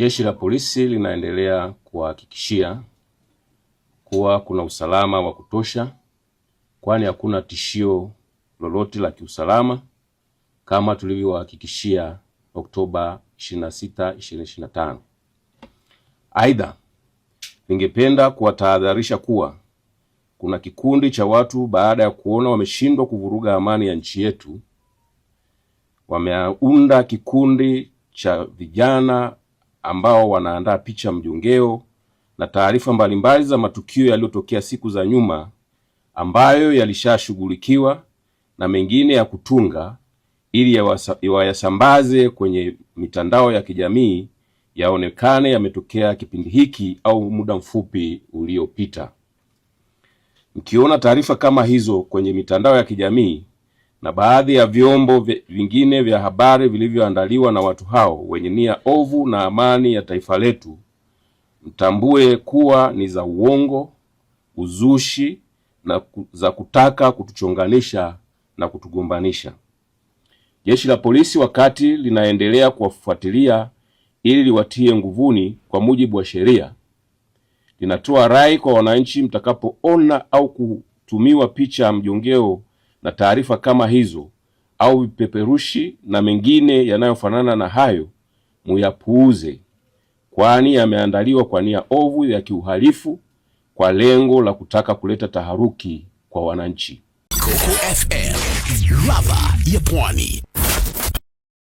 Jeshi la polisi linaendelea kuwahakikishia kuwa kuna usalama wa kutosha, kwani hakuna tishio lolote la kiusalama kama tulivyowahakikishia Oktoba 26, 2025. Aidha, ningependa kuwatahadharisha kuwa kuna kikundi cha watu baada ya kuona wameshindwa kuvuruga amani ya nchi yetu, wameunda kikundi cha vijana ambao wanaandaa picha mjongeo na taarifa mbalimbali za matukio yaliyotokea siku za nyuma ambayo yalishashughulikiwa na mengine ya kutunga ili wayasambaze kwenye mitandao ya kijamii yaonekane yametokea kipindi hiki au muda mfupi uliopita. Mkiona taarifa kama hizo kwenye mitandao ya kijamii, na baadhi ya vyombo vingine vya habari vilivyoandaliwa na watu hao wenye nia ovu na amani ya taifa letu, mtambue kuwa ni za uongo, uzushi na za kutaka kutuchonganisha na kutugombanisha. Jeshi la polisi wakati linaendelea kuwafuatilia ili liwatie nguvuni kwa mujibu wa sheria, linatoa rai kwa wananchi, mtakapoona au kutumiwa picha ya mjongeo na taarifa kama hizo au vipeperushi na mengine yanayofanana na hayo muyapuuze, kwani yameandaliwa kwa nia ovu ya kiuhalifu kwa lengo la kutaka kuleta taharuki kwa wananchi. Coco FM, ladha ya Pwani.